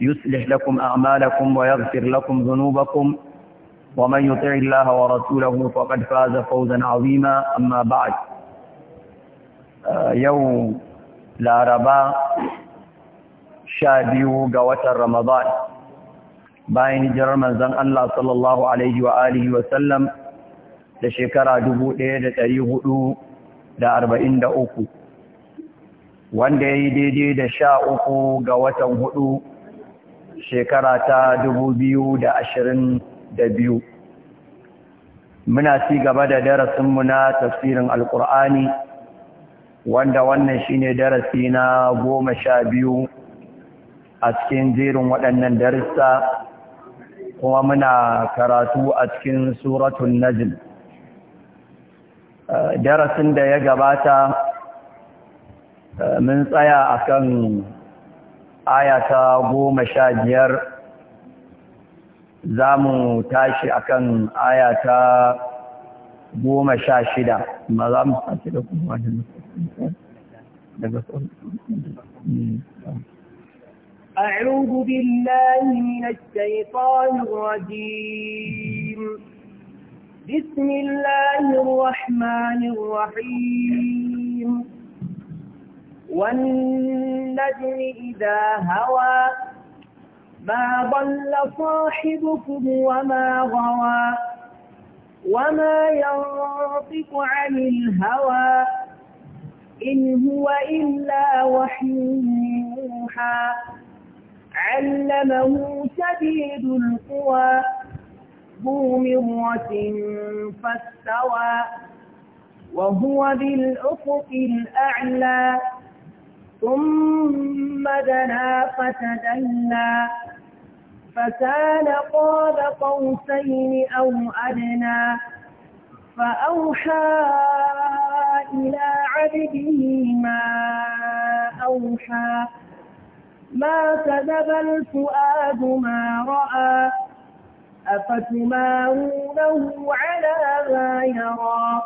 يصلح لكم أعمالكم ويغفر لكم ذنوبكم ومن يطع الله ورسوله فقد فاز فوزا عظيما أما بعد يوم لاربا شابيو قوة رمضان باين جرر من زن الله صلى الله عليه وآله وسلم da shekara dubu ɗaya da ɗari hudu da arba'in da uku wanda ya yi daidai da sha uku ga watan hudu shekara ta da ashirin da biyu. muna ci gaba da darasinmu na tafsirin alkur'ani wanda wannan shine darasi na goma sha biyu a cikin jerin waɗannan darussa, kuma muna karatu a cikin suratun najm eh, darasin da ya gabata eh, mun tsaya akan Ayata goma sha biyar za mu tashi akan kan ta goma sha shida ma za mu tashi da kuma wani أعوذ بالله من الشيطان الرجيم بسم الله الرحمن الرحيم والنجم إذا هوى ما ضل صاحبكم وما غوى وما ينطق عن الهوى إن هو إلا وحي يوحى علمه شديد القوى ذو مرة فاستوى وهو بالأفق الأعلى ثم دنا فتدلى فكان قاب قوسين أو أدنى فأوحى إلى عبده ما أوحى ما كذب الفؤاد ما رأى أفتمارونه على ما يرى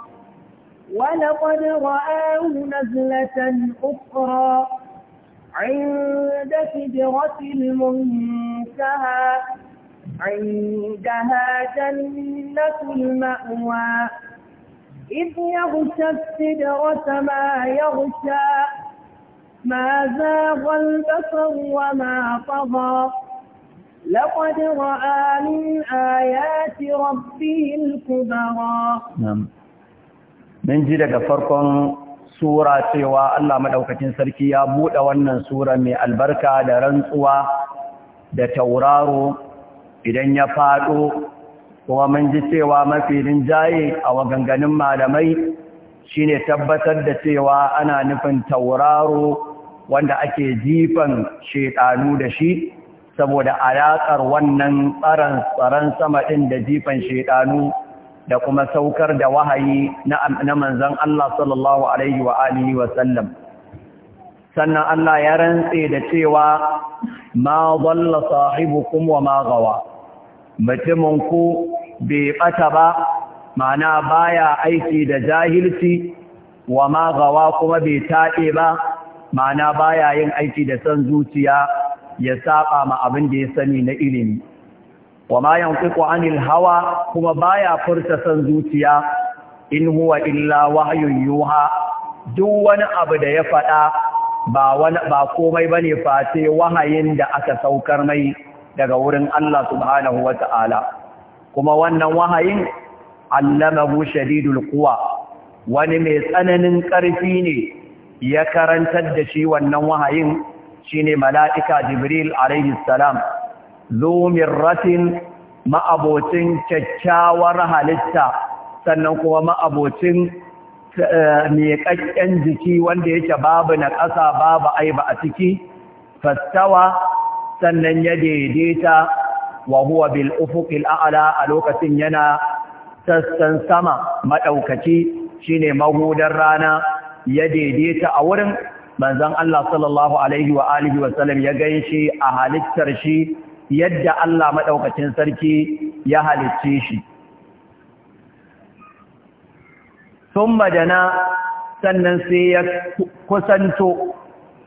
ولقد رآه نزلة أخرى عند سدرة المنتهى عندها جنة المأوى إذ يغشى السدرة ما يغشى ما زاغ البصر وما طغى لقد رأى من آيات ربه الكبرى نعم mun ji daga farkon sura cewa Allah Maɗaukacin sarki ya buɗe wannan sura mai albarka da rantsuwa da tauraro idan ya faɗo kuma mun ji cewa mafi rinjaye a waganganin malamai shine tabbatar da cewa ana nufin tauraro wanda ake jifan shedanu da shi saboda alaƙar wannan tsaron sama ɗin da jifan shedanu da kuma saukar da wahayi na manzan Allah sallallahu Alaihi wa alihi Sannan Allah ya rantse da cewa ma zalla sahibukum wa ma gawa. Mutuminku bai ɓata ba, mana baya aiki da jahilci wa ma gawa kuma bai taɗe ba, ma'ana baya yin aiki da son zuciya ya saba ma abin da ya sani na ilimi. wa ma yantiqu anil hawa kuma baya furta san zuciya in huwa illa wahyun yuha duk wani abu da ya faɗa ba wani ba komai bane face wahayin da aka saukar mai daga wurin Allah subhanahu wata'ala kuma wannan wahayin allamahu shadidul quwa wani mai tsananin ƙarfi ne ya karantar da shi wannan wahayin shine mala'ika jibril alaihi salam zomin ratin ma'abocin kyakkyawar halitta sannan kuma ma'abocin eh, miƙaƙƙen jiki wanda yake babu na ƙasa babu aiba a ciki fastawa sannan ya daidaita wa huwa bil ufuqil a'la a lokacin yana sassan sama madaukaki shine magudan rana ya daidaita a wurin manzon Allah sallallahu alaihi wa alihi wa sallam ya gaishe a halittar shi yadda Allah maɗaukacin sarki ya halicce shi. Sun majana sannan sai ya kusanto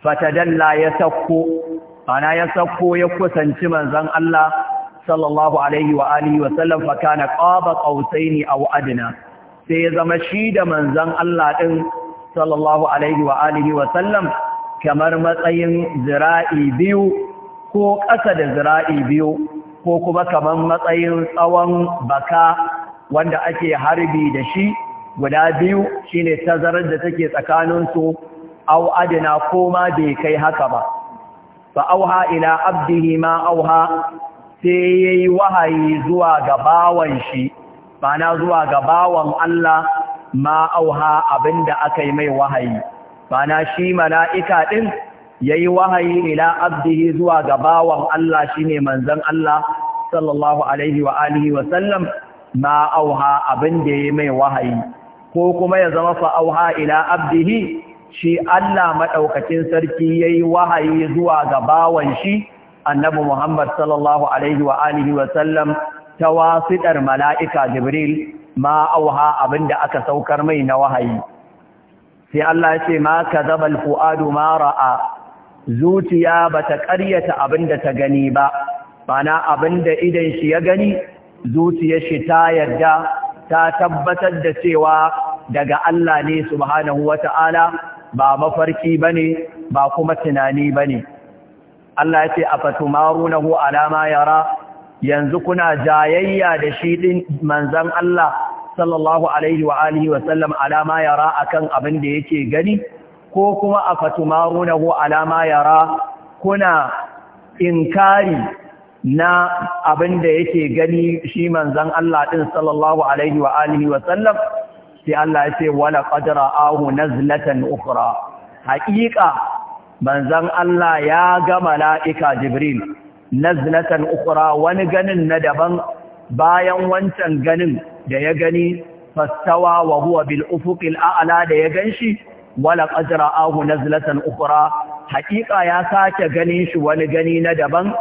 fatadalla ya sakko, ana ya sakko ya kusanci manzan Allah sallallahu Alaihi wa Alihi wasallam faka na ƙaba ƙausai ne a wa'adina, sai ya zama shi da manzan Allah ɗin sallallahu Alaihi wa Alihi wasallam kamar matsayin zira'i biyu ko ƙasa da zira'i biyu ko kuma kamar matsayin tsawon baka wanda ake harbi da shi guda biyu shine tazarar da take tsakaninsu au adina ko ma bai kai haka ba fa auha ila abdihi ma auha sai yayi wahayi zuwa ga bawan shi bana zuwa ga bawan Allah ma auha abinda aka yi mai wahayi bana shi mala'ika din yayi wahayi ila abdihi zuwa ga bawan Allah ne manzan Allah sallallahu alaihi wa alihi ma auha abin da yi mai wahayi ko kuma ya zama fa auha ila abdihi shi Allah maɗaukacin sarki yayi wahayi zuwa ga bawan shi annabi Muhammad sallallahu alaihi wa alihi mala'ika Jibril ma auha abin da aka saukar mai na wahayi sai Allah yace ce ma kadhabal fuadu ma ra'a zuciya ba ta ƙaryata abin da ta gani ba mana abin da idan shi ya gani zuciyar shi ta yarda ta tabbatar da cewa daga Allah ne subhanahu wata'ala ba mafarki ne, ba kuma tunani bane Allah ya ce a afatumarunahu alama yara yanzu kuna jayayya da shi ɗin manzon Allah sallallahu alaihi alama yara akan abin da yake gani ko kuma a fatumarunahu alama yara kuna inkari na abin da yake gani shi manzan Allah ɗin sallallahu alaihi wa alihi wa sallam sai Allah ya ce wala qadra ahu nazlatan ukura. haƙiƙa manzan Allah ya ga mala'ika Jibril nazlatan ukura, wani ganin na daban bayan wancan ganin da ya gani fastawa wa huwa bil ufuqil a'la da ya ganshi wala qadra ahu nazlatan ukura, haƙiƙa ya sake ganin shi wani gani na daban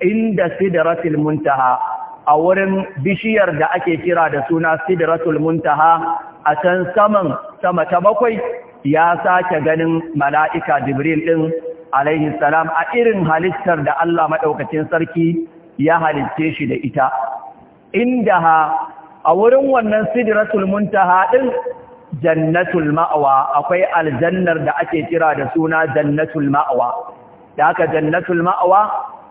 inda sidratul muntaha a wurin bishiyar da ake kira da suna sidratul muntaha a can saman sama ta bakwai ya sake ganin mala'ika jibril ɗin alaihi salam a irin halittar da Allah maɗaukacin sarki ya halicce shi da ita inda ha a wurin wannan sidratul muntaha ɗin. jannatul ma'awa akwai aljannar da ake kira da suna jannatul ma'awa da aka jannatul ma'awa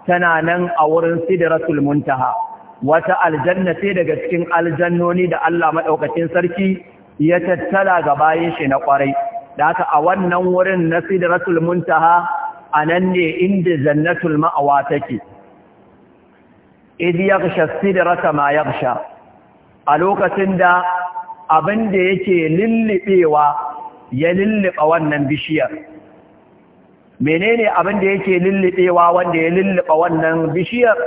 tana nan a wurin sidratul muntaha wata aljanna sai daga cikin aljannoni da Allah madaukakin sarki ya tattala ga bayan shi na kwarai da aka a wannan wurin na sidratul muntaha anan ne inda jannatul ma'awa take idh yaghsha sidrata ma yaghsha a lokacin da abin da yake lullubewa ya lulluɓa wannan bishiyar menene abin da yake lullubewa wanda ya lulluɓa wannan bishiyar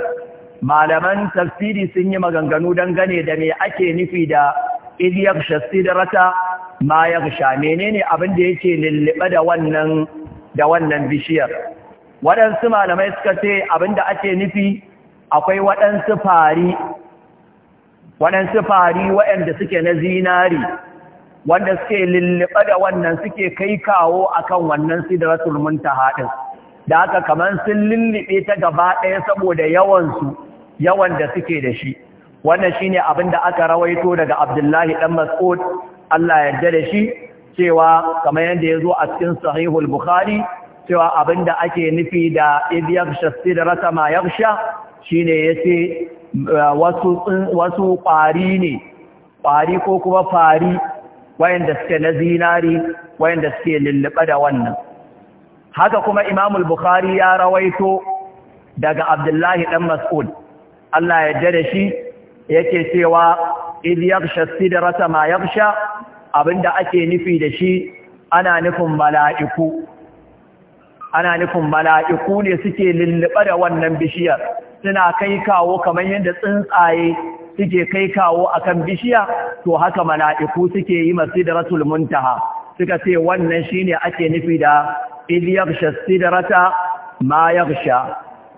malaman tafsiri sun yi maganganu gane da me ake nufi da idiyar shastidarata ma ya sha menene abin da yake lulluɓa da wannan da wannan bishiyar waɗansu malamai suka ce abin da ake nufi akwai waɗansu fari waɗansu fari waɗanda suke na zinari wanda suke lullube da wannan suke kai kawo akan wannan sidratul muntaha din da haka kaman sun lullube ta gaba ɗaya saboda yawan su yawan da suke da shi wannan shine abin da aka rawaito daga Abdullahi dan Mas'ud Allah ya yarda da shi cewa kamar yadda ya zo a cikin sahihul Bukhari cewa abin da ake nufi da idh yaghsha sidrata ma ne shine yace wasu ƙwari ne ƙwari ko kuma fari wayanda suke na zinari wayanda suke lullube da wannan haka kuma Imamul bukhari ya rawaito daga Abdullahi ɗan Mas'ud Allah ya jere shi yake cewa id yaghsha sidrata ma yaghsha abinda ake nufi da shi ana nufin mala'iku ana nufin mala'iku ne suke lullube da wannan bishiyar suna kai kawo kamar yadda tsuntsaye suke kai kawo akan bishiya to haka mala'iku suke yi masidratul muntaha suka ce wannan ne ake nufi da ilyaghsha sidrata ma yaghsha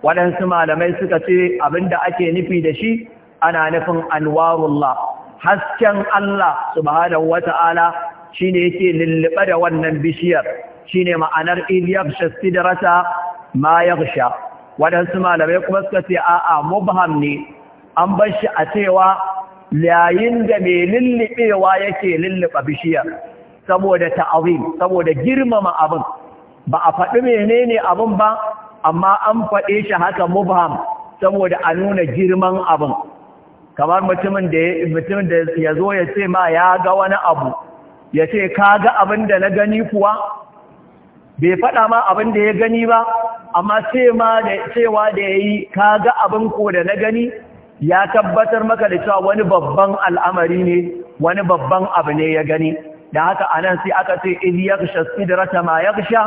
waɗansu malamai suka ce da ake nufi da shi ana nufin anwarullah hasken Allah subhanahu wata'ala shine yake lulluɓe da wannan bishiyar shine ma'anar ilyaghsha sidrata ma waɗansu malamai kuma suka ce a'a mubham ne an bar shi a cewa yayin da mai lullubewa yake lulluɓa bishiyar saboda ta'awim saboda girmama abin ba a faɗi menene abin ba amma an faɗe shi haka mubham saboda a nuna girman abin kamar mutumin mutumin da ya zo ya ce ma ya ga wani abu ya ce ka ga abin da na gani kuwa bai faɗa ma abin da ya gani ba amma cewa da ya yi ka ga abin ko da na gani ya tabbatar maka da cewa wani babban al'amari ne wani babban abu ne ya gani da haka anan sai aka ce idh yaghsha sidrata ma yaghsha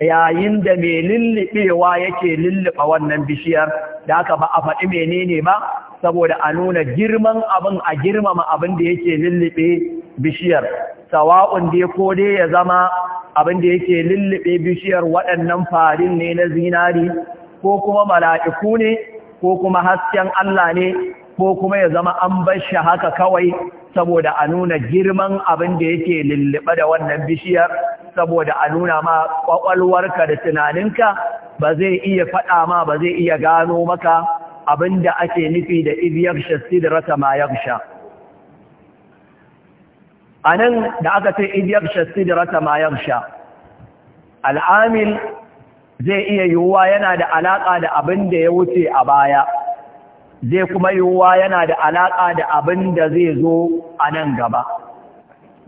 yayin da mai lullubewa yake lulluba wannan bishiyar da haka ba a faɗi menene ba saboda a nuna girman abin a girmama abin da yake lullube bishiyar sawa'un dai ko dai ya zama abin da yake lullube bishiyar waɗannan farin ne na zinari ko kuma mala'iku ne ko kuma hasken Allah ne ko kuma ya zama an bar shi haka kawai saboda a nuna girman abin da yake lullube da wannan bishiyar saboda a nuna ma kwakwalwarka da tunaninka ba zai iya faɗa ma ba zai iya gano maka abin da ake nufi da ibiyarsha sidrata ma yarsha a nan da aka ce ibiyarsha sidrata ma yarsha al'amil zai iya yiwuwa yana da alaƙa da abin da ya wuce a baya zai kuma yiwuwa yana da alaƙa da abin da zai zo a nan gaba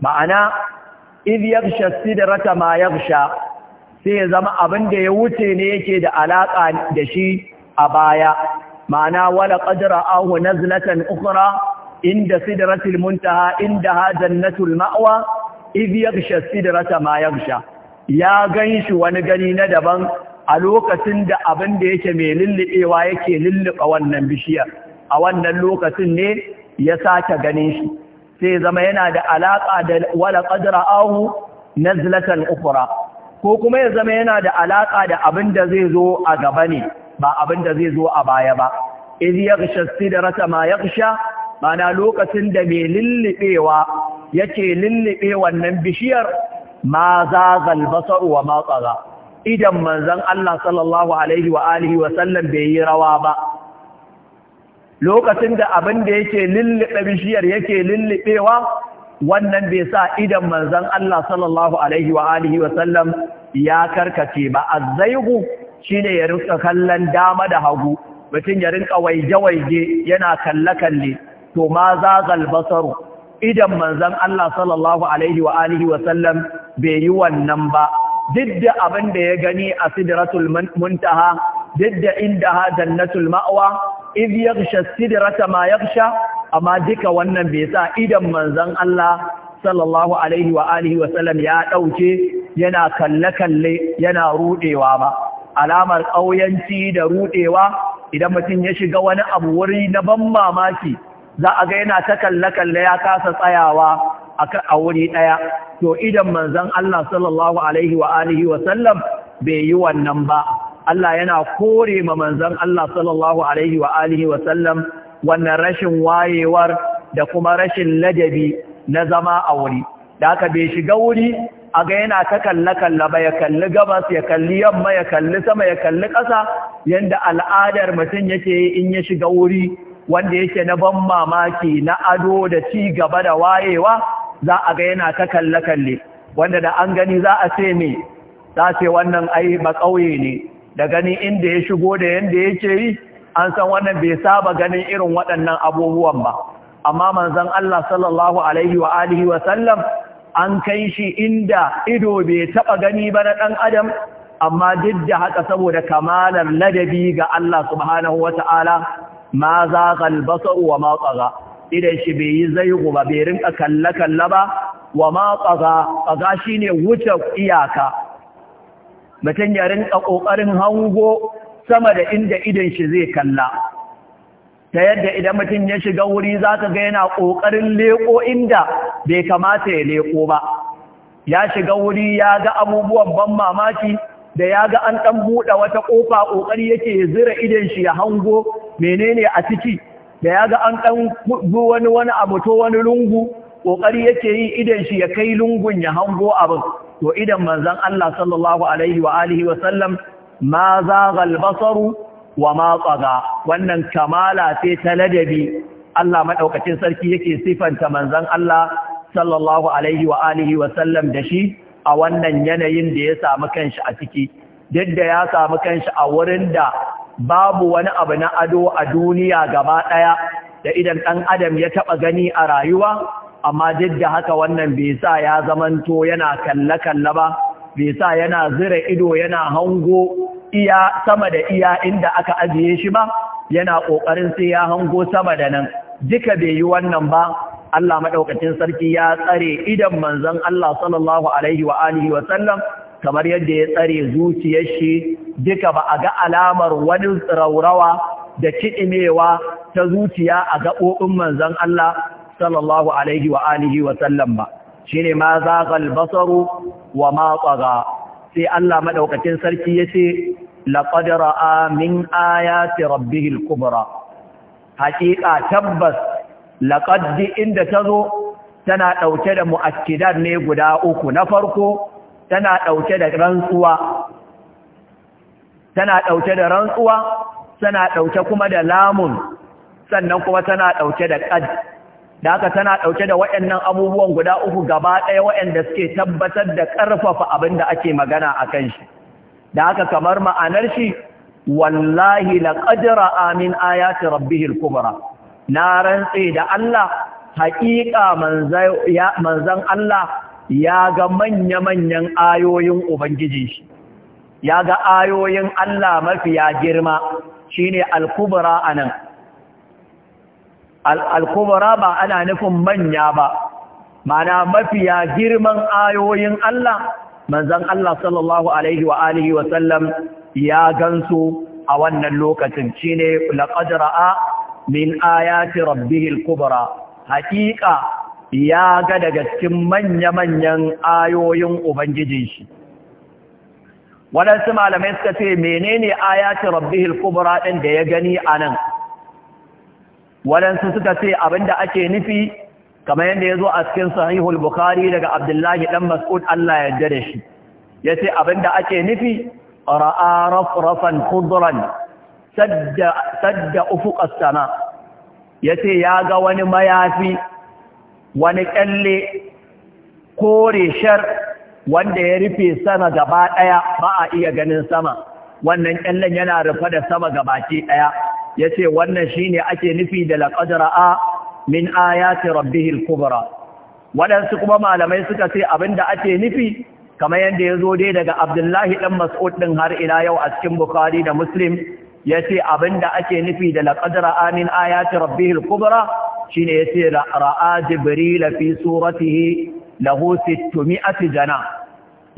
ma'ana shasti da rata ma yaghsha sai ya zama abin da ya wuce ne yake da alaƙa da shi a baya ma'ana wala ƙadira ahu zinatan ƙukura inda sidratul muntaha indaha jannatul fi shasti da rata ma yaghsha ya ganshi wani gani na daban a lokacin da abin da yake mai lullubewa yake lulluɓa wannan bishiyar a wannan lokacin ne ya sake ganin shi sai zama yana da alaƙa da wala qadra ahu nazlatan ukura ko kuma ya zama yana da alaƙa da abin da zai zo a gaba ne ba abin da zai zo a baya ba idh da rasa ma yaghsha mana lokacin da mai lullubewa yake lullube wannan bishiyar ma za basar wa ma idan manzon Allah sallallahu alaihi wa alihi bai yi rawa ba lokacin da abin da yake lullube bishiyar yake lullubewa wannan bai sa idan manzon Allah sallallahu alaihi wa alihi ya karkace ba azzaihu shine ya rinka kallon dama da hagu mutum ya rinka waije-waije yana kalle-kalle to ma zagal basaru idan manzan Allah sallallahu alaihi wa alihi bai yi wannan ba duk da abin da ya gani a sidratul muntaha duk da inda ha jannatul ma'wa idh yaghsha sidrata ma yaghsha amma duka wannan bai sa idan manzon Allah sallallahu alaihi wa alihi wa sallam ya dauke yana kalle kalle yana rudewa ba alamar kauyanci da rudewa idan mutum ya shiga wani abu wuri na ban mamaki za a ga yana ta kalle kalle ya kasa tsayawa a wuri ɗaya to idan manzon Allah sallallahu alaihi wa alihi wa sallam bai yi wannan ba Allah yana kore ma manzon Allah sallallahu alaihi wa alihi wa sallam wannan rashin wayewar da kuma rashin ladabi na zama a wuri da aka bai shiga wuri a ga yana ta kalle-kalle ba ya kalli gabas ya kalli yamma ya kalli sama ya kalli ƙasa yanda al'adar mutum yake in ya shiga wuri wanda yake na ban mamaki na ado da ci gaba da wayewa za a ga yana ta kalle-kalle wanda da an gani za a ce me za ce wannan ai makauye ne da gani inda ya shigo da yanda yake yi an san wannan bai saba ganin irin waɗannan abubuwan ba amma manzon Allah sallallahu alaihi wa alihi wa sallam an kai shi inda ido bai taɓa gani ba na ɗan adam amma duk da haka saboda kamalar ladabi ga Allah subhanahu ta'ala, ma za kalbasa wa ma tsaga idan shi bai yi zai ba bai rinka kalla-kalla ba wa ma tsaga tsaga shine wuce iyaka mutum ya rinka ƙoƙarin hango sama da inda idan shi zai kalla ta yadda idan mutum ya shiga wuri za ka ga yana ƙoƙarin leƙo inda bai kamata ya leƙo ba ya shiga wuri ya ga abubuwan ban mamaki da ya ga an ɗan buɗe wata ƙofa ƙoƙari yake zira idan shi ya hango menene a ciki da ya ga an ɗan zo wani wani abu to wani lungu ƙoƙari yake yi idan shi ya kai lungun ya hango abin to idan manzan Allah sallallahu alaihi wa alihi wa sallam ma zagal basaru wa ma tsaga wannan kamala ce ta ladabi Allah madaukakin sarki yake sifanta manzan Allah sallallahu alaihi wa alihi wa sallam da shi a wannan yanayin da ya samu kanshi a ciki duk da ya samu kanshi a wurin da babu wani abu na ado a duniya gaba ɗaya da idan ɗan adam ya taɓa gani a rayuwa amma duk da haka wannan bai sa ya zamanto yana kalle-kalle ba bai sa yana zira ido yana hango iya sama da iya inda aka ajiye shi ba yana ƙoƙarin sai ya hango sama da nan duka bai yi wannan ba Allah maɗaukacin sarki ya tsare idan manzon Allah sallallahu alaihi wa alihi wa sallam kamar yadda ya tsare zuciyar shi duka ba a ga alamar wani raurawa da kiɗimewa ta zuciya a gaɓoɓin manzon Allah sallallahu alaihi wa alihi wa sallam ba shine ma zagal basaru wa ma tsaga sai Allah madaukakin sarki yace laqad ra'a min ayati rabbihil kubra haƙiƙa tabbas laqad inda tazo tana ɗauke da mu'akkidat ne guda uku na farko tana ɗauke da rantsuwa tana ɗauke da rantsuwa tana ɗauke kuma da lamun sannan kuma tana ɗauke da ƙad da haka tana ɗauke da waɗannan abubuwan guda uku gaba ɗaya waɗanda suke tabbatar da ƙarfafa abin da ake magana a kan shi da haka kamar ma'anar shi wallahi laqadra amin ayati rabbihil kubra na rantse da Allah haƙiƙa manzan Allah ya ga manya-manyan ayoyin Ubangiji shi, ya ga ayoyin Allah mafiya girma shi ne alkubura a nan. Alkubura ba ana nufin manya ba, mana mafiya girman ayoyin Allah, manzan Allah sallallahu Alaihi wa Alihi ya gansu a wannan lokacin shi ne laƙadara min ayati rabbihil kubura. Hakika ya ga daga cikin manya-manyan ayoyin Ubangijin shi. Waɗansu malamai suka ce menene ayatun Rabbi kubra ɗin da ya gani a nan. Waɗansu suka ce abinda ake nufi kamar yadda ya zo a cikin sahihul Bukhari daga Abdullahi ɗan Mas'ud Allah ya da shi. Ya ce abinda ake nufi ra'a rafrafan sadda ufuk yace Ya ce ya ga wani mayafi wani ƙyalle kore shar wanda ya rufe sama gaba ɗaya ba a iya ganin sama wannan ƙyallen yana rufe da sama gabaki ɗaya ya ce wannan shi ne ake nufi da laƙadara a min ayati rabbihil kubra waɗansu kuma malamai suka ce abin da ake nufi kamar yadda ya zo dai daga abdullahi ɗan mas'ud ɗin har ila yau a cikin bukhari da muslim ya ce abin da ake nufi da laƙadara a min ayati rabbihil kubra ya yace ra'a jibril fi suratihi lahu 600 jana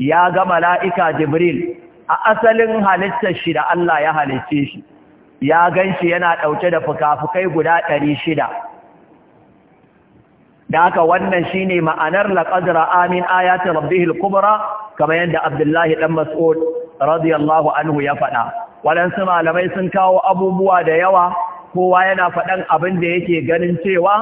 ya ga mala'ika jibril a asalin halittar shi da Allah ya halicce shi ya ganshi yana ɗauke da fukafukai guda shida. da haka wannan shine ma'anar laqad amin min ayati rabbihil kubra kamar yadda Abdullahi ɗan Mas'ud radiyallahu anhu ya faɗa waɗansu malamai sun kawo abubuwa da yawa kowa yana faɗan abin da yake ganin cewa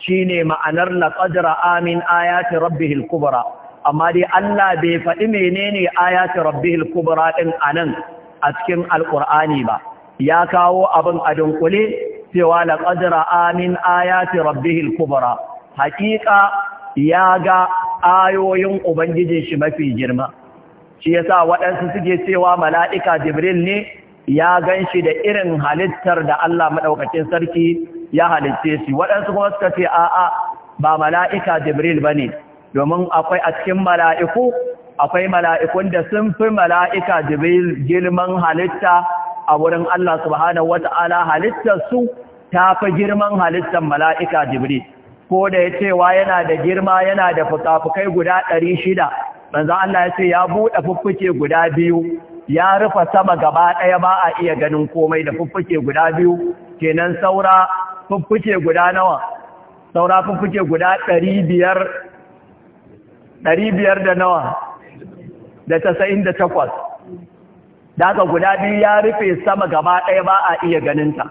shi ne ma'anar na ra'a amin ayati Rabbi hilkubura. amma dai Allah bai faɗi menene ayati rabbihil kubra din anan a cikin Alƙur'ani ba ya kawo abin a dunkule cewa na ra'a amin ayati Rabbi kubra haƙiƙa ya ga ayoyin ubangijin shi mafi girma shi yasa waɗansu suke cewa mala'ika jibril ne ya gan shi da irin halittar da Allah maɗaukacin sarki ya halitce shi waɗansu kuma suka ce a'a ba mala'ika jibril ba ne domin akwai a cikin mala'iku akwai mala'ikun da sun fi mala'ika jibril girman halitta a wurin Allah subhanahu wata'ala halittar su ta fi girman halittar mala'ika jibril ko da ya cewa yana da girma yana da fuka-fukai guda ɗari shida manzan Allah ya ce ya buɗe fuffuke guda biyu ya rufa sama gaba ɗaya ba a iya ganin komai da fuffuke guda biyu kenan saura fuffuke guda nawa saura fuffuke guda ɗari biyar da nawa da tasa'in da takwas da haka guda biyu ya rufe sama gaba ɗaya ba a iya ganinta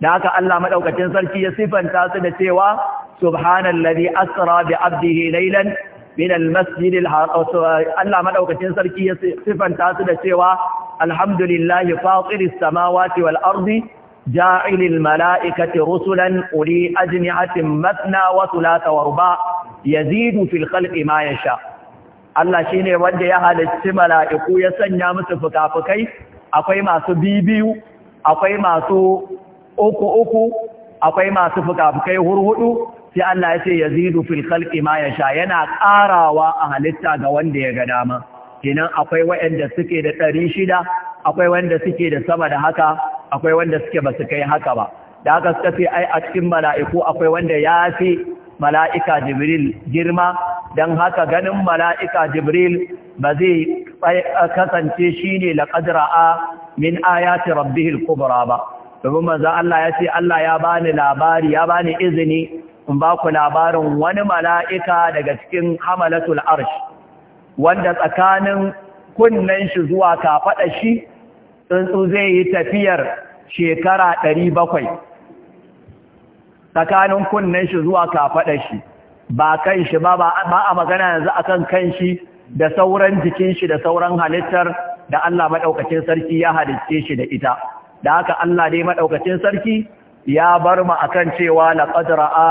da haka Allah maɗaukacin sarki ya siffanta su da cewa subhanallazi asra bi abdihi laylan min al Allah madaukakin sarki ya sifanta su da cewa alhamdulillahi fatiris samawati wal ardi ja'ilil mala'ikati rusulan uli ajni'atin matna wa thulatha wa ruba yazidu fil khalqi ma yasha Allah shine wanda ya halicci mala'iku ya sanya musu fukafukai akwai masu bibiyu akwai masu uku uku akwai masu fukafukai hurhudu sai Allah ya ce yazidu fil khalqi ma sha, yana ƙarawa a halitta ga wanda ya ga dama kenan akwai waɗanda suke da ɗari shida akwai wanda suke da sama da haka akwai wanda suke ba su kai haka ba da haka suka ce ai a cikin mala'iku akwai wanda ya fi mala'ika jibril girma don haka ganin mala'ika jibril ba zai kasance shi ne a min ayati rabbihil kubra ba domin manzo Allah ya ce Allah ya bani labari ya bani izini in ba ku labarin wani mala'ika daga cikin hamalatul arsh wanda tsakanin kunnen shi zuwa kafaɗa shi tsuntsu zai yi tafiyar shekara ɗari bakwai tsakanin kunnen shi zuwa kafaɗa shi ba kan shi ba ba a magana yanzu akan kan shi da sauran jikin shi da sauran halittar da Allah maɗaukacin sarki ya halicce shi da ita da haka Allah dai maɗaukacin sarki ya bar mu a kan cewa laqad ra'a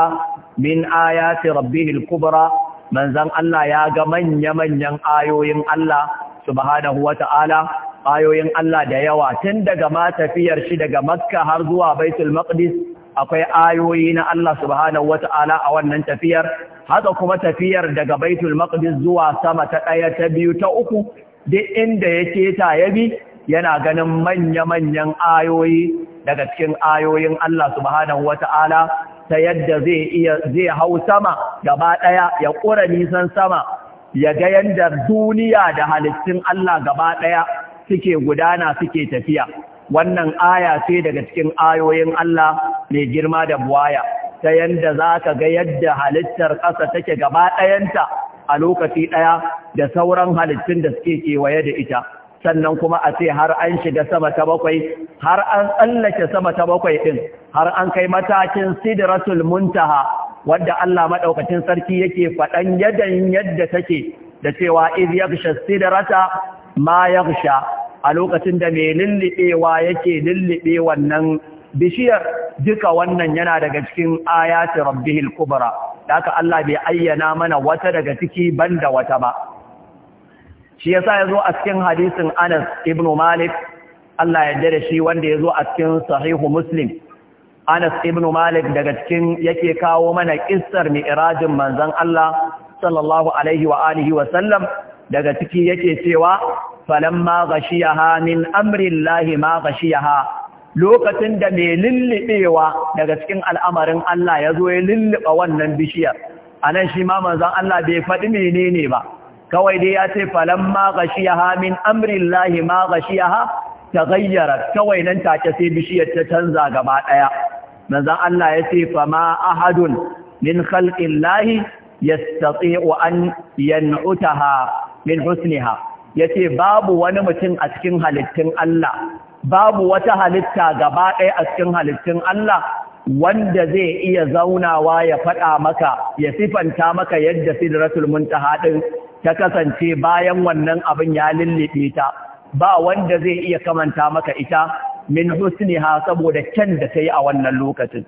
min ayati rabbihil kubra manzan Allah ya ga manya-manyan ayoyin Allah subhanahu ayoyin Allah da yawa tun daga ma tafiyar shi daga Makka har zuwa Baitul Maqdis akwai ayoyi na Allah subhanahu ta'ala a wannan tafiyar haka kuma tafiyar daga Baitul Maqdis zuwa sama ta ɗaya ta biyu ta uku duk inda yake ta yabi yana ganin manya-manyan ayoyi daga cikin ayoyin Allah subhanahu wata'ala ta yadda zai zai hau sama gaba ɗaya, ya ƙura nisan sama ya ga yadda duniya da halittun Allah gaba ɗaya suke gudana suke tafiya wannan aya ce daga cikin ayoyin Allah mai girma da buwaya ta yadda za ka ga yadda halittar ƙasa take gaba ɗayanta a lokaci ɗaya da sauran halittun da suke kewaye da ita sannan kuma a ce har an shiga sama ta bakwai har an tsallake sama ta bakwai din har an kai matakin sidratul muntaha wanda Allah madaukakin sarki yake fadan yadan yadda take da cewa iz yaghsha sidrata ma yaghsha a lokacin da mai lillibewa yake lillibe wannan bishiyar duka wannan yana daga cikin ayati rabbihil kubra da haka Allah bai ayyana mana wata daga ciki banda wata ba shi ya zo a cikin hadisin Anas ibn Malik Allah ya da shi wanda ya zo a cikin sahihu Muslim Anas ibn Malik daga cikin yake kawo mana kistar mi'rajin manzan Allah sallallahu alaihi wa alihi wa sallam daga ciki yake cewa "Falan ya ha? min amrin lahi ma ha?" lokacin da mai lullubewa daga cikin al'amarin Allah ya zo ya lulluba wannan bishiyar, a nan shi ma manzan Allah bai faɗi menene ba, kawai dai ya ce falamma ha? min amrillahi ma Ta gayyara." kawai nan take sai bishiyar ta canza gaba ɗaya. manzon Allah ya ce fama ahadun min yastatse wa an yan'utaha min husniha yace babu wani mutum a cikin halittun Allah babu wata halitta gaba ɗaya a cikin halittun Allah wanda zai iya zaunawa ya faɗa maka ya sifanta maka yadda sidratul muntaha din ta kasance bayan wannan abin ya lullube ta ba wanda zai iya kamanta maka ita min husniha saboda kyan da ta yi a wannan lokacin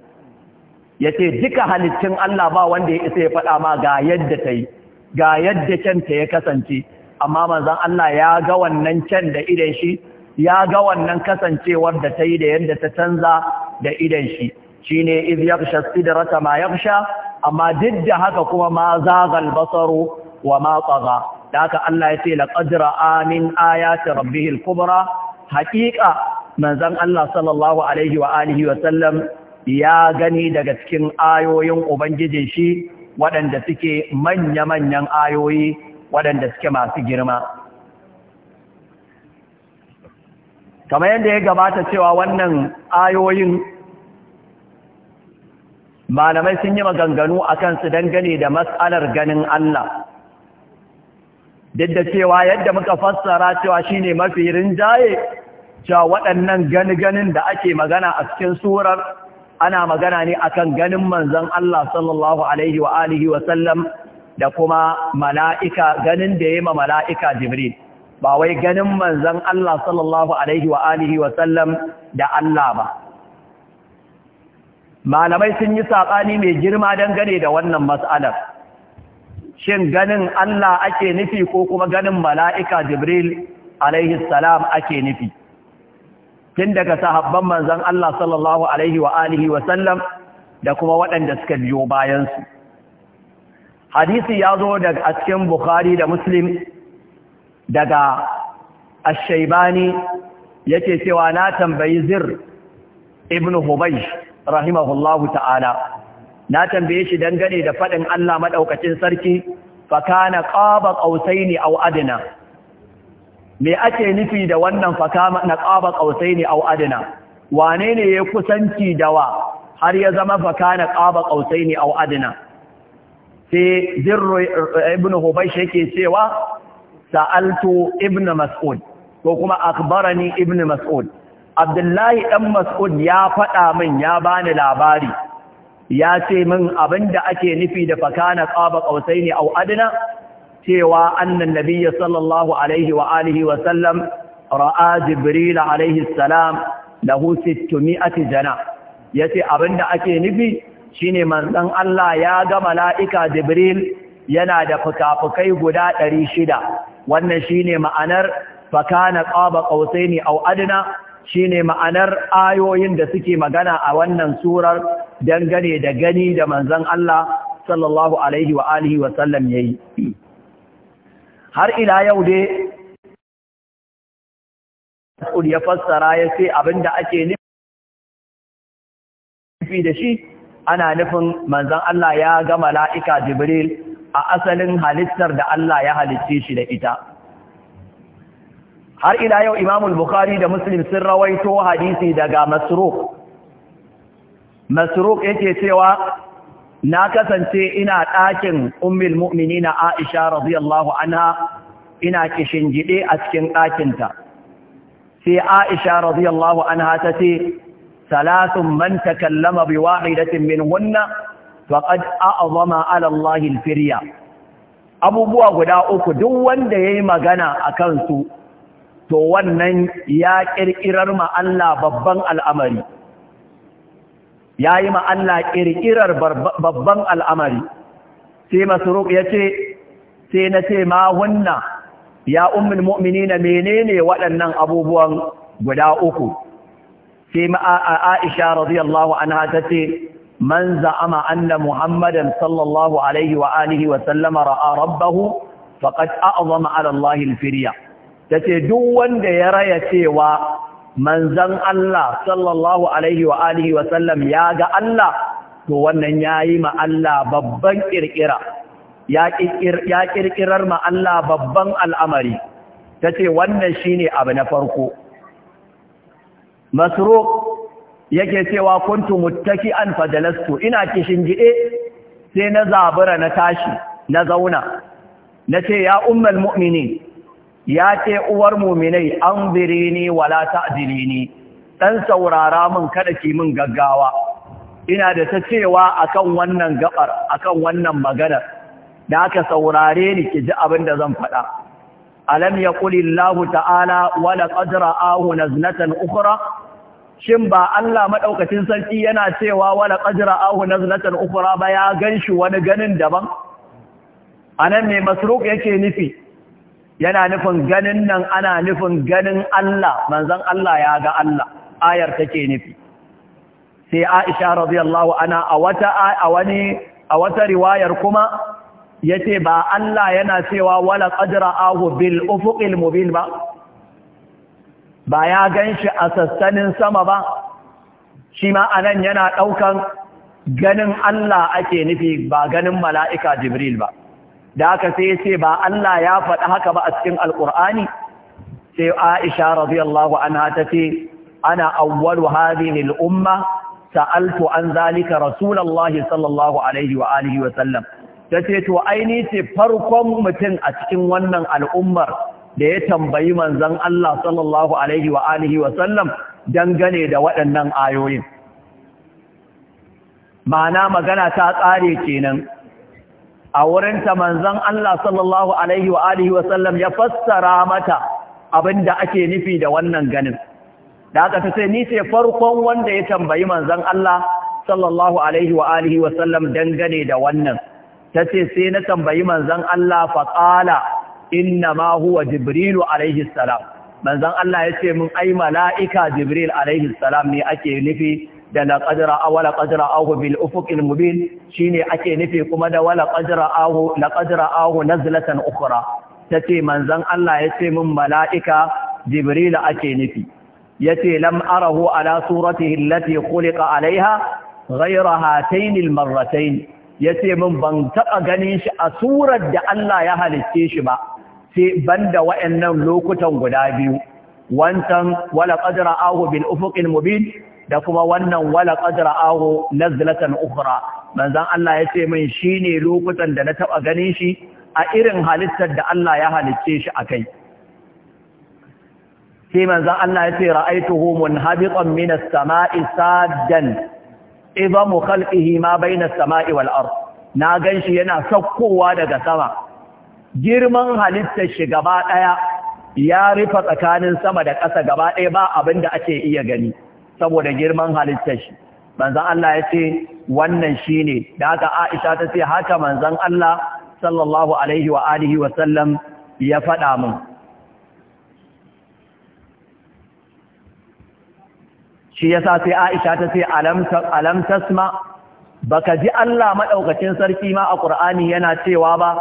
yace duka halittun Allah ba wanda ya isa ya faɗa ma ga yadda ta yi ga yadda kyan ta ya kasance amma manzon Allah ya ga wannan kyan da idan shi ya ga wannan kasancewar da ta yi da yadda ta canza da idan shi shine iz yaghsha sidrata ma yaghsha amma duk da haka kuma ma zagal basaru wa ma Da aka Allah ya ce laqad amin min ayati rabbihil kubra Haƙiƙa, manzon Allah sallallahu alaihi wa alihi wa sallam ya gani daga cikin ayoyin ubangijin shi waɗanda suke manya-manyan ayoyi waɗanda suke masu girma kamar yadda ya gabata cewa wannan ayoyin malamai sun yi maganganu a kansu dangane da matsalar ganin Allah duk da cewa yadda muka fassara cewa shi ne mafi rinjaye cewa waɗannan gani-ganin da ake magana a cikin surar ana magana ne a kan ganin manzan Allah sallallahu alaihi wa alihi wa sallam da kuma mala'ika ganin da yi ma mala'ika Jibril ba wai ganin manzan Allah sallallahu alaihi wa alihi wa sallam da Allah ba malamai sun yi saɓani mai girma dangane da wannan matsalar shin ganin Allah ake nufi ko kuma ganin mala'ika jibril alaihi salam ake nufi tun daga sahabban manzan Allah sallallahu alaihi wa alihi da kuma waɗanda suka biyo bayansu hadisi ya zo daga a cikin bukhari da muslim daga ashaibani yake cewa na tambayi zir ibn hubaish rahimahullahu ta'ala na tambaye shi dangane da faɗin Allah maɗaukacin sarki fakana ƙaba ƙausai ne au me ake nufi da wannan fakama na qaba qausaini aw au wane ne ya kusanci da wa har ya zama fakana ƙaba ƙausai ne au sai zirro eh, ibn hubaysh yake cewa sa'altu ibn mas'ud ko kuma akbarani ibn mas'ud Abdullahi ɗan Mas'ud ya faɗa min ya bani labari, ya ce min abin da ake nufi da fakana ƙaba ƙausai ne au adina, cewa annan nabiya sallallahu Alaihi wa alihi wasallam ra'a Jibril alaihi salam lahu sittumi'ati jana, ya ce abin da ake nufi shi ne manzan Allah ya ga mala'ika Jibril yana da fuka-fukai guda ɗari shida, wannan shi ne ma'anar fakana ƙaba ƙausai ne au adina shine ma'anar ayoyin da suke magana a wannan surar dangane da gani da manzon Allah sallallahu alaihi wa alihi wa sallam yayi har ila yau dai kun ya fassara ya ce abinda ake nufi da shi ana nufin manzon Allah ya ga mala'ika Jibril a asalin halittar da Allah ya halicce shi da ita har ila yau imamul bukhari da muslim sun rawaito hadisi daga masruk masruk yake cewa na kasance ina ɗakin ummul mu'minina aisha radiyallahu anha ina kishingide a cikin ɗakinta sai aisha radiyallahu anha ta ce salatun man takallama bi wahidatin min hunna faqad a'zama ala allahi alfirya abubuwa guda uku duk wanda yayi magana akan su to wannan ya ƙirƙirar Allah babban al'amari ya yi Allah ƙirƙirar babban al'amari sai masu ya ce sai na ce ma hunna ya ummin mu'mini na menene waɗannan abubuwan guda uku sai ma'a'aisha radiyallahu anha ta ce man za'ama anna muhammadan sallallahu alaihi wa'alihi wa sallama ra'a rabbahu faqad a'zama ala ta ce duk wanda ya raya cewa manzan Allah sallallahu alaihi wa alihi wa sallam ya ga Allah to wannan yi ma Allah babban kirkira ya ƙirƙirar ma Allah babban al'amari tace wannan shine abu na farko masro yake cewa kuntu muttaki'an fadalastu ina kishin jide. sai na zabura na tashi na zauna nace ya ummul mu'minin ya ce uwar muminai an biri ni, wala ni ɗan saurara min kada ki min gaggawa ina da ta cewa a kan wannan gabar kan wannan maganar, da aka saurare ni ki ji abin da zan faɗa alam Allah ta'ala wa ahu na zinatan ukura shin ba Allah maɗaukacin sarki yana cewa wala ƙajira ahu na zinatan ukura ba ya gan shi wani ganin daban? A nan mai masruk yake nufi, yana nufin ganin nan ana nufin ganin Allah manzon Allah ya ga Allah ayar take nufi sai Aisha radiyallahu ana a wata wani a wata riwayar kuma yace ba Allah yana cewa wala ahu bil ufuqil mubin ba ba ya ganshi a sassanin sama ba shi ma anan yana ɗaukan ganin Allah ake nufi ba ganin mala'ika Jibril ba da aka sai ce ba Allah ya faɗi haka ba a cikin alƙur'ani sai Aisha radiyallahu anha ta ce ana awwalu hadhihi al-umma sa'altu an zalika rasulullahi sallallahu alaihi wa alihi wa sallam tace to aini ce farkon mutum a cikin wannan al'ummar da ya tambayi manzon Allah sallallahu alaihi wa alihi wa sallam dangane da waɗannan ayoyin ma'ana magana ta tsare kenan a wurinta manzon Allah sallallahu alaihi wa alihi ya fassara mata abinda ake nufi da wannan ganin da aka ta sai ni ce farkon wanda ya tambayi manzon Allah sallallahu alaihi wa alihi dangane da wannan tace sai na tambayi manzon Allah faƙala, inna ma huwa alaihi salam manzon Allah yace min ai malaika jibril alaihi salam ne ake nufi da la qadra aw la qadra aw bil ufuq mubin shine ake nufi kuma da wala qadra ahu la qadra aw nazlatan ukhra tace manzon Allah ya ce min malaika jibril ake nufi yace lam arahu ala suratihi allati khuliqa alaiha ghayra hatayn al marratayn yace min ban taɓa ganin shi a surar da Allah ya halicce shi ba sai banda waɗannan lokutan guda biyu wancan wala ahu bil ufuq mubin da kuma wannan wala qadra na nazlatan ukhra manzon Allah ya ce min shine lokutan da na taɓa ganin shi a irin halittar da Allah ya halicce shi a kai. sai manzon Allah ya ce ra'aituhu munhabitan min as-sama'i saddan mu khalqihi ma bayna samai wal'ar. Na gan shi yana sakkowa daga sama girman halittar shi gaba ɗaya ya rufe tsakanin sama da ƙasa gaba ɗaya ba abin da ake iya gani saboda girman halittar shi manzon Allah ya ce wannan ne. da haka Aisha ta ce haka manzon Allah sallallahu alaihi wa alihi wa sallam ya faɗa min shi sa sai Aisha ta ce alam alam tasma baka ji Allah maɗaukacin sarki ma a ƙur'ani yana cewa ba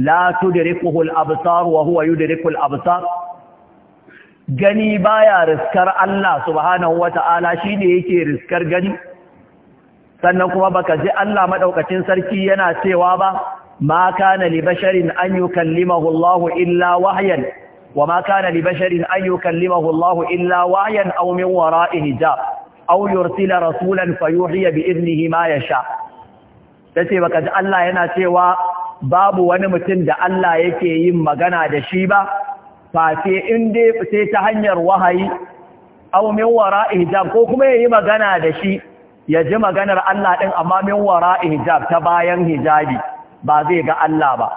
la tudrikuhu al-absar wa huwa yudrikul absar gani baya riskar Allah subhanahu wata'ala shine yake riskar gani sannan kuma baka ji Allah madaukakin sarki yana cewa ba ma kana li basharin an yukallimahu Allah illa wahyan wa ma kana li basharin an yukallimahu Allah illa wahyan aw min wara'i hijab aw yursila rasulan fayuhiya bi idnihi ma yasha tace baka ji Allah yana cewa babu wani mutum da Allah yake yin magana da shi ba face in dai sai ta hanyar wahayi aw min wara'i hijab ko kuma yi magana da shi ya ji maganar Allah ɗin, amma min wara'i hijab ta bayan hijabi ba zai ga Allah ba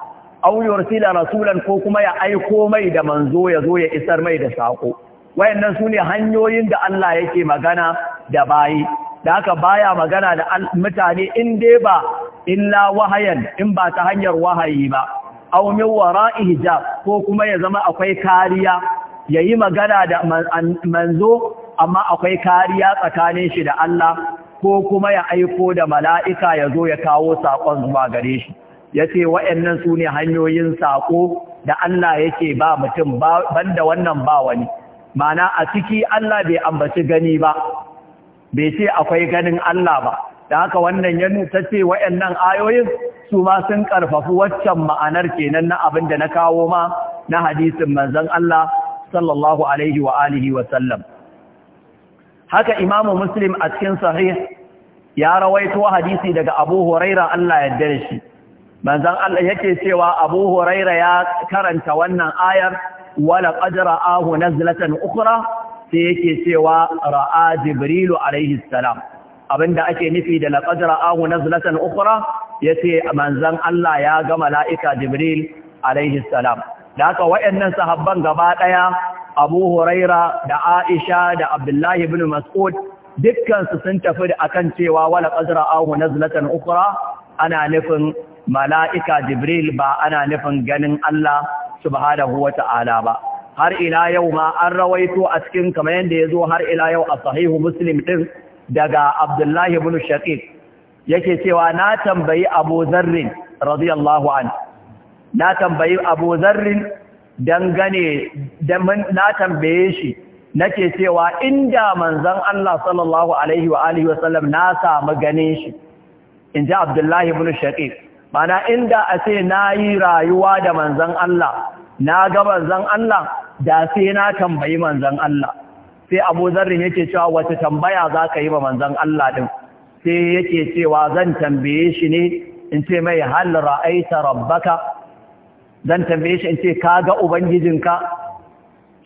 aw yursila rasulan ko kuma ya aiko mai da manzo ya zo ya isar mai da sako wayannan ne hanyoyin da Allah yake magana da bayi da haka baya magana da mutane in dai ba illa wahayan in ba ta hanyar wahayi ba aw min wara'i hijab ko kuma ya zama akwai kariya yayi magana da manzo amma akwai kariya tsakanin shi da Allah ko kuma ya aiko da mala'ika ya zo ya kawo saƙon zuwa gare shi ya ce wa'yannan su ne hanyoyin saƙo da Allah yake ba mutum banda wannan ba wani mana a ciki Allah bai ambaci gani ba bai ce akwai ganin Allah ba da haka wannan ya nuta ce wa'yannan ayoyin su ma sun ƙarfafi waccan ma'anar kenan na abin da na kawo ma na hadisin manzan Allah sallallahu alaihi wa alihi haka imamu muslim a cikin sahih ya rawaito hadisi daga abu huraira Allah ya da shi Manzan Allah yake cewa abu huraira ya karanta wannan ayar wala qad ra'ahu nazlatan ukhra sai yake cewa ra'a jibrilu alaihi salam abinda ake nufi da na ra'ahu nazlatan ya ce manzon Allah ya ga malaika Jibril alaihi da haka wayannan sahabban gaba ɗaya Abu Huraira da Aisha da Abdullahi bin Mas'ud dukkansu sun tafi akan cewa wala qad na nazlatan ukhra ana nufin malaika Jibril ba ana nufin ganin Allah da wata'ala ba har ila yau ma an rawaito a cikin kamar yadda ya zo har ila yau a sahihu muslim ɗin? daga Abdullahi ibn Shaqiq yake cewa na tambayi Abu Zarrin radiyallahu an na tambayi Abu Zarrin dangane na tambaye shi nake cewa inda manzon Allah sallallahu alaihi wa alihi wasallam na samu gane shi inji Abdullahi ibn Shaqiq mana inda a ce nayi rayuwa da manzon Allah na ga manzon Allah da sai na tambayi manzon Allah sai Abu Zarrin yake cewa wace tambaya za ka yi wa manzon Allah din sai yake cewa zan tambaye shi ne in ce mai hal ra'aita rabbaka zan tambaye shi in ce ka ga ubangijinka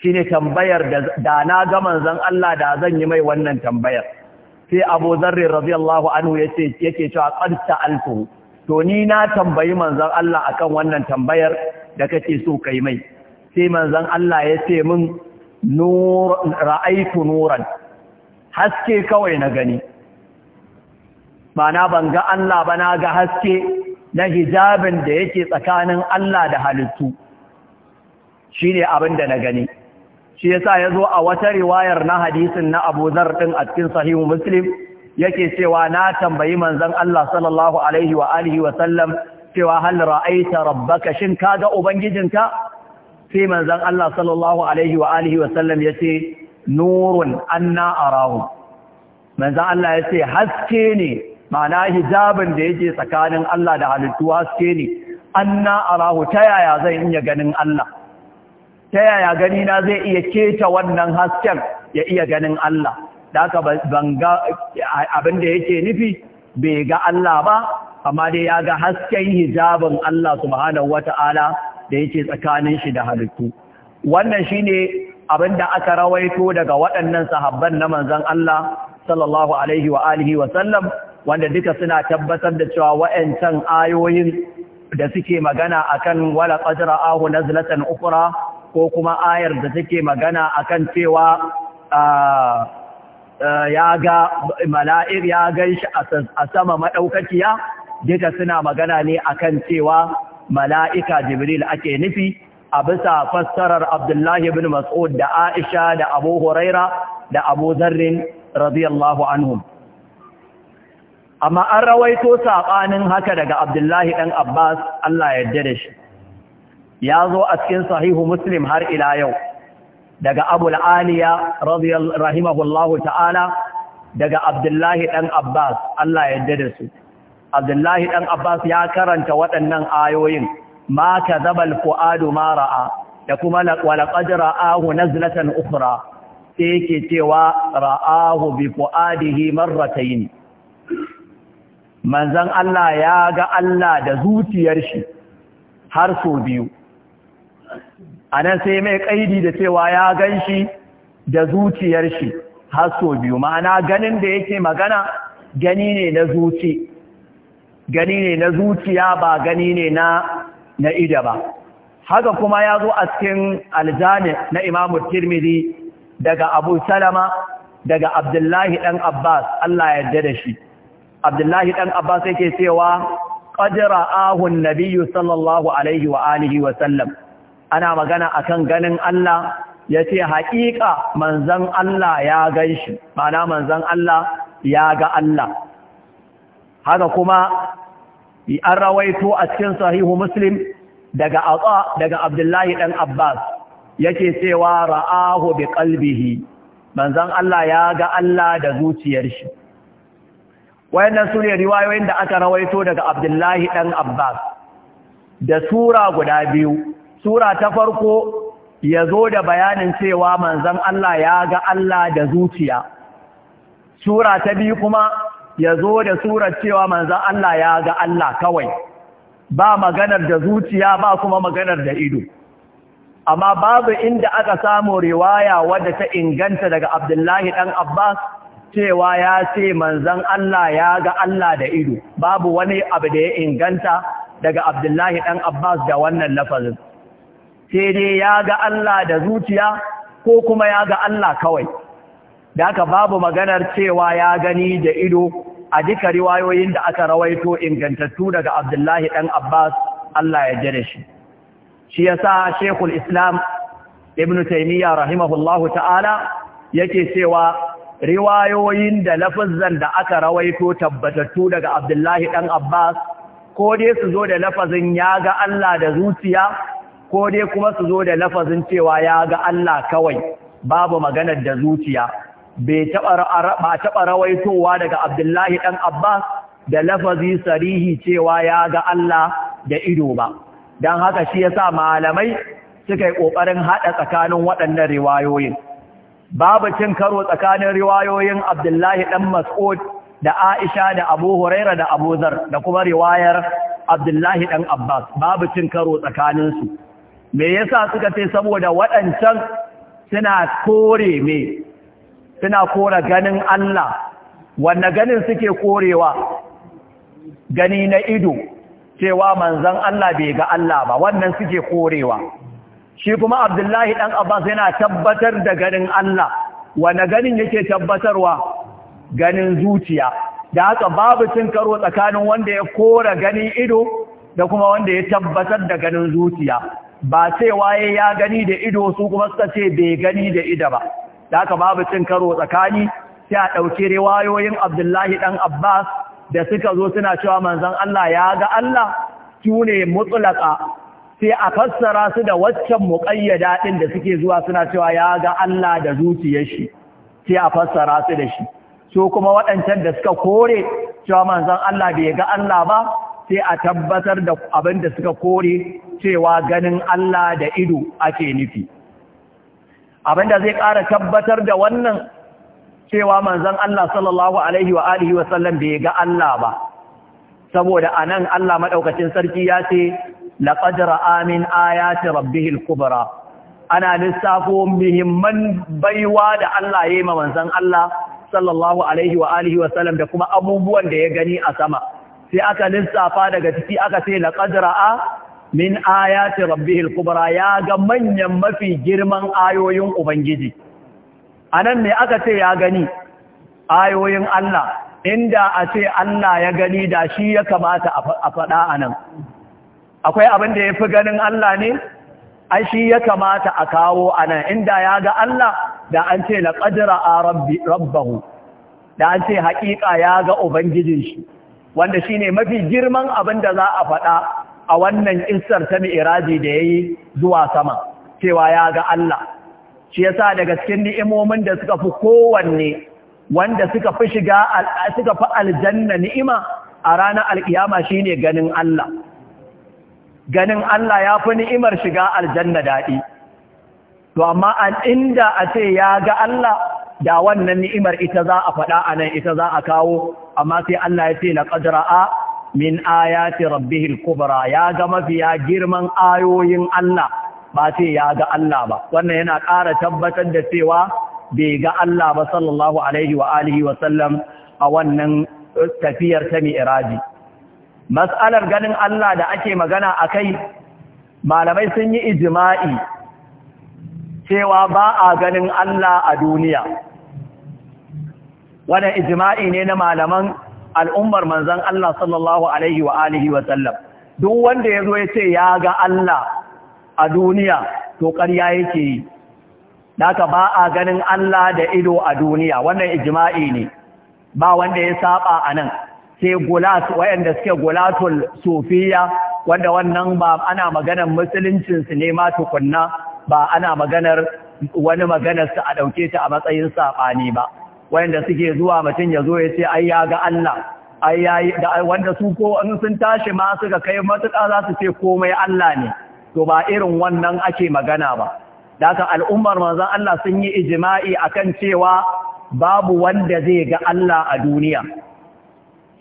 shine tambayar da na ga manzon Allah da zan yi mai wannan tambayar sai Abu zarrin radiyallahu anhu yace yake cewa qad to ni na tambayi manzon Allah akan wannan tambayar da kake so kai mai sai manzon Allah yace min ra'aitu nuran haske kawai na gani ba na ga Allah ba na ga haske na hijabin da yake tsakanin Allah da halittu shi ne abin da na gani shi yasa ya zo a wata riwayar na hadisin na abu zar ɗin a cikin sahihu muslim yake cewa na tambayi manzan Allah sallallahu alaihi wa alihi wa sallam cewa hal ra'aita rabbaka shin ga ubangijinka sai manzon Allah sallallahu alaihi wa alihi yace nurun anna arahu manzon Allah yace haske ne ma'ana hijabin da yake tsakanin Allah da halittu haske ne anna arahu ta yaya zai iya ganin Allah ta yaya gani na zai iya keta wannan hasken ya iya ganin Allah da haka ban ga abin da yake nufi bai ga Allah ba amma dai ya ga hasken hijabin Allah subhanahu wata'ala da yake tsakanin shi da halittu wannan shine abin da aka rawaito daga waɗannan sahabban na manzon Allah sallallahu alaihi wa alihi wa sallam wanda duka suna tabbatar da cewa wa'ancan ayoyin da suke magana akan wala qadra ahu nazlatan ukra ko kuma ayar da take magana akan cewa ya ga mala'ir ya shi a sama madaukakiya duka suna magana ne akan cewa mala'ika jibril ake nufi a bisa fassarar abdullahi bin mas'ud da aisha da abu huraira da abu zarrin radiyallahu anhum amma an rawaito saɓanin haka daga abdullahi ɗan abbas allah yadda da shi ya zo a cikin sahihu muslim har ila yau daga abul aliya rahimahullahu ta'ala daga abdullahi ɗan abbas allah yadda da su Abdullahi ɗan Abbas ya karanta waɗannan ayoyin, ma ka zabal fu'adu mara'a, da kuma walaƙad ra'ahu zinatan ukura, sai yake cewa ra'ahu bi fu'adihi marratayin. Manzan Allah ya ga Allah da zuciyar shi har so biyu. A nan sai mai ƙaidi da cewa ya gan shi da zuciyar shi har so biyu, ma'ana ganin da yake magana gani ne na zuci. gani ne na zuciya ba gani ne na na ida ba haka kuma ya zo a cikin aljami na imamu tirmidhi daga abu salama daga abdullahi dan abbas Allah ya yarda da shi abdullahi Ɗan abbas yake cewa ƙadira ahun an sallallahu alaihi wa alihi wa sallam ana magana akan ganin Allah ya ce haƙiƙa manzon Allah ya ganshi ma'ana manzon Allah ya ga Allah haka kuma an rawaito a cikin sahihu muslim daga atsa daga abdullahi ɗan abbas yake cewa ra'ahu bi qalbihi manzon Allah ya ga Allah da zuciyar shi wayannan sune riwayoyin da aka rawaito daga abdullahi ɗan abbas da sura guda biyu sura ta farko ya zo da bayanin cewa manzon Allah ya ga Allah da zuciya sura ta biyu kuma ya zo da surar cewa manzan Allah ya ga Allah kawai ba maganar da zuciya ba kuma maganar da ido amma babu inda aka samu riwaya wadda ta inganta daga Abdullahi ɗan Abbas cewa ya ce manzan Allah ya ga Allah da ido babu wani abu da ya inganta daga Abdullahi ɗan Abbas da wannan lafazin sai dai ya ga Allah da zuciya ko kuma ya ga Allah kawai da haka babu maganar cewa ya gani da ido a dika riwayoyin da aka rawaito ingantattu daga Abdullahi ɗan Abbas Allah ya jere shi. Shi ya sa Shekul Islam Ibn Taymiyya rahimahullahu ta'ala yake cewa riwayoyin da lafazan da aka rawaito tabbatattu daga Abdullahi ɗan Abbas ko dai su zo da lafazin ya ga Allah da zuciya ko dai kuma su zo da lafazin cewa ya ga Allah kawai babu maganar da zuciya. bai taɓa rawaitowa daga Abdullahi ɗan Abbas da lafazi sarihi cewa ya ga Allah da ido ba, don haka shi ya sa malamai suka yi ƙoƙarin haɗa tsakanin waɗannan riwayoyin. Babu cin karo tsakanin riwayoyin Abdullahi ɗan Mas'ud da Aisha da Abu Huraira da Abu Zar da kuma riwayar Abdullahi ɗan Abbas, babu cin karo tsakaninsu. Me yasa suka ce saboda waɗancan suna kore me suna kora ganin Allah wanda ganin suke korewa gani na ido cewa manzan Allah bai ga Allah ba wannan suke korewa shi kuma abdullahi ɗan abbas yana tabbatar da ganin Allah wanda ganin yake tabbatarwa ganin zuciya da haka babu cin karo tsakanin wanda ya kora ganin ido da kuma wanda ya tabbatar da ganin zuciya ba sai waye ya gani da ido su kuma suka ce bai gani da ido ba da aka babu cin karo tsakani sai a ɗauki riwayoyin abdullahi ɗan abbas da suka zo suna cewa manzan Allah ya ga Allah su ne mutsulaka sai a fassara su da waccan muƙayyada ɗin da suke zuwa suna cewa ya ga Allah da zuciyar shi sai a fassara su da shi so kuma waɗancan da suka kore cewa manzan Allah bai ga Allah ba sai a tabbatar da abin da suka kore cewa ganin Allah da ido ake nufi. abinda zai ƙara tabbatar da wannan cewa manzon Allah sallallahu alaihi wa alihi bai ga Allah ba saboda anan Allah maɗaukacin sarki ya ce laqad ra'a min ayati rabbihil kubra ana lissafo muhimman baiwa da Allah ya yi ma manzon Allah sallallahu alaihi wa alihi da kuma abubuwan da ya gani a sama sai aka lissafa daga ciki aka ce laqad a. min ayati rabbihil kubra ya ga manyan mafi girman ayoyin ubangiji anan ne aka ce ya gani ayoyin Allah inda a ce Allah ya gani da shi ya kamata a faɗa anan akwai abin da yafi ganin Allah ne ai shi ya kamata a kawo anan inda ya ga Allah da an ce laqad ra'a rabbi rabbahu da an ce hakika ya ga ubangijin shi wanda shine mafi girman abin da za a faɗa a wannan isar ta mi'iraji da ya yi zuwa sama cewa ya ga Allah shi yasa daga cikin ni'imomin da suka fi kowanne wanda suka fi shiga suka fi aljanna ni'ima a ranar alkiyama shine ganin Allah ganin Allah ya fi ni'imar shiga aljanna daɗi to amma an inda a ce ya ga Allah da wannan ni'imar ita za a faɗa a nan ita za a kawo amma sai Allah ya ce na ƙadara min ayati rabbihil kubra ya ga mafiya girman ayoyin Allah ba sai ya ga Allah ba wannan yana ƙara tabbatar da cewa bai ga Allah ba sallallahu alaihi wa alihi wa sallam a wannan tafiyar ta mi'raji mas'alar ganin Allah da ake magana akai malamai sun yi ijma'i cewa ba a ganin Allah a duniya wannan ijma'i ne na malaman al'ummar manzan Allah sallallahu Alaihi wa alihi wa sallam duk wanda ya zo ya ce ya ga Allah a duniya to ƙarya yake yi daga ba a ganin Allah da ido a duniya wannan ijma'i ne ba wanda ya saba a nan sai gulat wayanda suke gulatul sufiya wanda wannan ba ana maganar musuluncinsu ne ma tukunna ba ana maganar wani maganarsa a ɗauke ta a matsayin saɓani ba wanda suke zuwa mutum ya zo ya ce ai ya ga Allah ai da wanda su ko in sun tashi ma suka kai matuƙa za su ce komai Allah ne to ba irin wannan ake magana ba daga al'ummar manzon Allah sun yi ijma'i akan cewa babu wanda zai ga Allah a duniya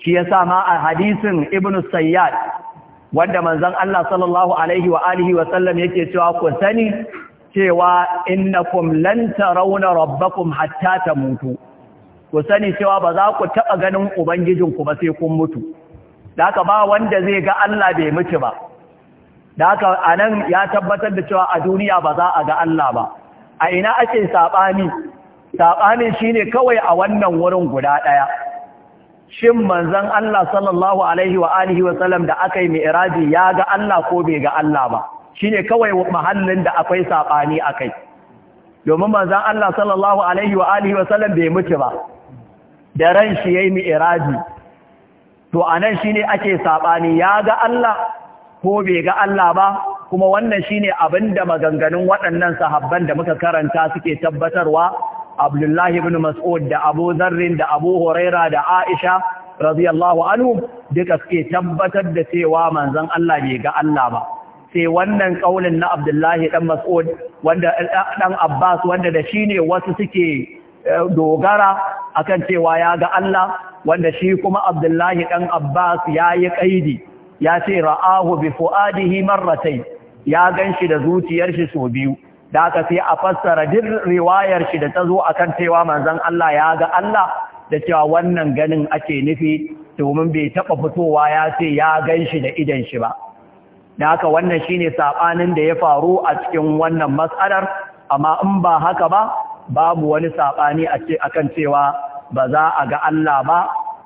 shi yasa ma a hadisin Ibn Sayyad wanda manzon Allah sallallahu alaihi wa alihi wa sallam yake cewa ku sani cewa innakum lan tarawna rabbakum hatta tamutu ku sani cewa ba za ku taɓa ganin Ubangijin ku ba sai kun mutu da haka ba wanda zai ga Allah bai mutu ba da haka a nan ya tabbatar da cewa a duniya ba za a ga Allah ba a ina ake saɓani Saɓani shi ne kawai a wannan wurin guda ɗaya shin manzon Allah sallallahu alaihi wa alihi wa da aka yi mi'raji ya ga Allah ko bai ga Allah ba shine kawai mahallin da akwai saɓani akai domin manzon Allah sallallahu alaihi wa alihi wa sallam bai mutu ba da ran shi ya yi mi'iraji to a nan shi ne ake saɓani ya ga Allah ko bai ga Allah ba kuma wannan shi ne abin da maganganun waɗannan sahabban da muka karanta suke tabbatarwa abdullahi ibn mas'ud da abu zarrin da abu huraira da aisha radiyallahu anhu duka suke tabbatar da cewa manzon Allah bai ga Allah ba sai wannan kaulin na abdullahi dan mas'ud wanda dan abbas wanda da shine wasu suke Eh, dogara akan cewa ya ga Allah wanda shi kuma Abdullahi dan Abbas ya yi kaidi ya ce ra'ahu bi fuadihi marratayn ya ganshi da zuciyar shi so biyu da aka sai a fassara duk riwayar shi da ta zo akan cewa manzon Allah ya ga Allah da cewa wannan ganin ake nufi domin bai taɓa fitowa ya ce ya ganshi da idan shi ba da haka wannan shine sabanin da ya faru a cikin wannan mas'alar amma in ba haka ba babu wani saɓani a ce cewa ba za a ga Allah ba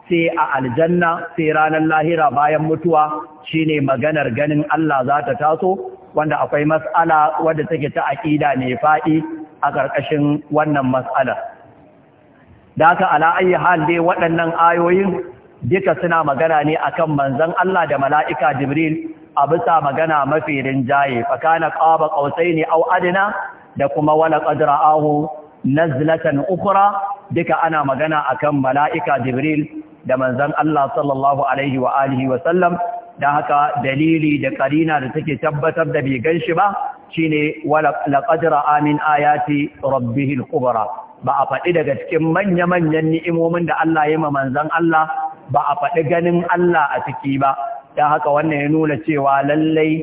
sai a aljanna sai ranar lahira bayan mutuwa shine maganar ganin Allah za ta taso wanda akwai mas'ala wadda take ta aƙida ne faɗi a ƙarƙashin wannan mas'alar. Da ka ala ayi hal waɗannan ayoyin duka suna magana ne akan manzon Allah da mala'ika Jibril a bisa magana mafi rinjaye fakana qaba qausaini aw adna da kuma wala ahu nazlatan ukhra duka ana magana akan mala'ika jibril da manzon Allah sallallahu alaihi wa alihi wa sallam da haka dalili da karina da take tabbatar da bai ganshi ba shine wala laqad ra'a min ayati rabbihil kubra ba a faɗi daga cikin manya-manyan ni'imomin da Allah ya ma manzon Allah ba a faɗi ganin Allah a ciki ba Da haka wannan ya nuna cewa lallai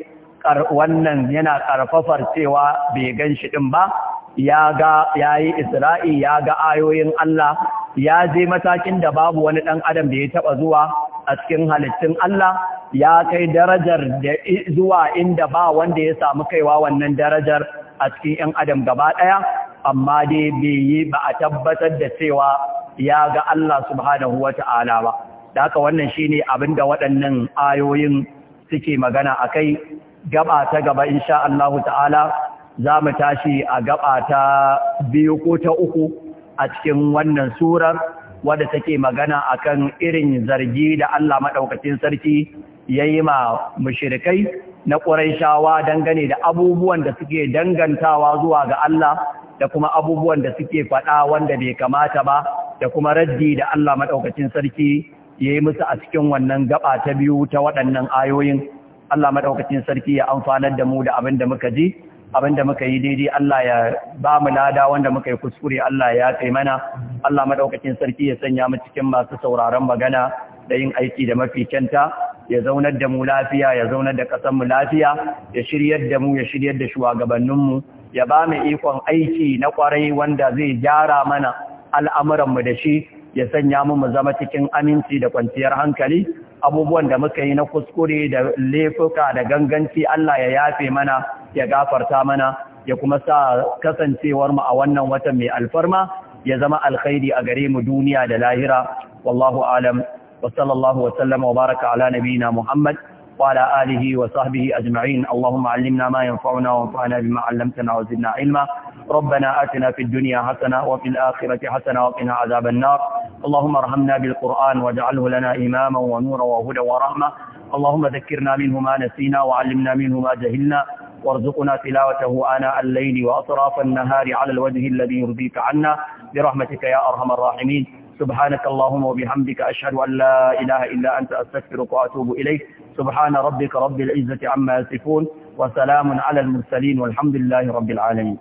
wannan yana ƙarfafar cewa bai gan shi ɗin ba ya ga yayi Isra'i ya ga ayoyin Allah ya je matakin da babu wani ɗan adam da ya taɓa zuwa a cikin halittun Allah ya kai darajar da zuwa inda ba wanda ya samu kaiwa wannan darajar a cikin 'yan adam gaba ɗaya amma dai bai yi ba a tabbatar da cewa ya ga Allah subhanahu wa ta'ala ba da haka wannan shi ne abin da waɗannan ayoyin suke magana a kai gaba ta gaba insha Allah ta'ala za mu tashi a gaba ta biyu ko ta uku a cikin wannan surar wadda take magana akan irin zargi da Allah maɗaukacin sarki ya yi ma mushirikai na ƙuraishawa dangane da abubuwan da suke dangantawa zuwa ga Allah da kuma abubuwan da suke faɗa wanda bai kamata ba da kuma raddi da Allah maɗaukacin sarki ya yi musu a cikin wannan gaba ta biyu ta waɗannan ayoyin Allah maɗaukacin sarki ya amfanar da mu da abin da muka ji abinda muka yi daidai Allah ya ba mu lada wanda muka yi kuskure Allah ya kai mana Allah madaukakin sarki ya sanya mu cikin masu sauraron magana da yin aiki da mafi kyanta ya zaunar da mu lafiya ya zaunar da ƙasarmu lafiya ya shiryar da mu ya shiryar da shugabannin mu ya ba mu ikon aiki na kwarai wanda zai gyara mana al'amuran mu da shi ya sanya mu mu zama cikin aminci da kwanciyar hankali abubuwan da muka yi na kuskure da laifuka da ganganci Allah ya yafe mana ya gafarta mana ya kuma sa kasancewar mu a wannan watan mai alfarma ya zama alkhairi a gare mu duniya da lahira wallahu alam wa sallallahu wa sallama wa baraka ala nabiyina muhammad wa ala alihi wa sahbihi ajma'in allahumma allimna ma yanfa'una wa anfa'na bima 'allamtana wa zidna ilma ربنا آتنا في الدنيا حسنة وفي الآخرة حسنة وقنا عذاب النار اللهم ارحمنا بالقرآن واجعله لنا إماما ونورا وهدى ورحمة اللهم ذكرنا منه ما نسينا وعلمنا منه ما جهلنا وارزقنا تلاوته آناء الليل وأطراف النهار على الوجه الذي يرضيك عنا برحمتك يا أرحم الراحمين سبحانك اللهم وبحمدك أشهد أن لا إله إلا أنت أستغفرك وأتوب إليك سبحان ربك رب العزة عما يصفون وسلام على المرسلين والحمد لله رب العالمين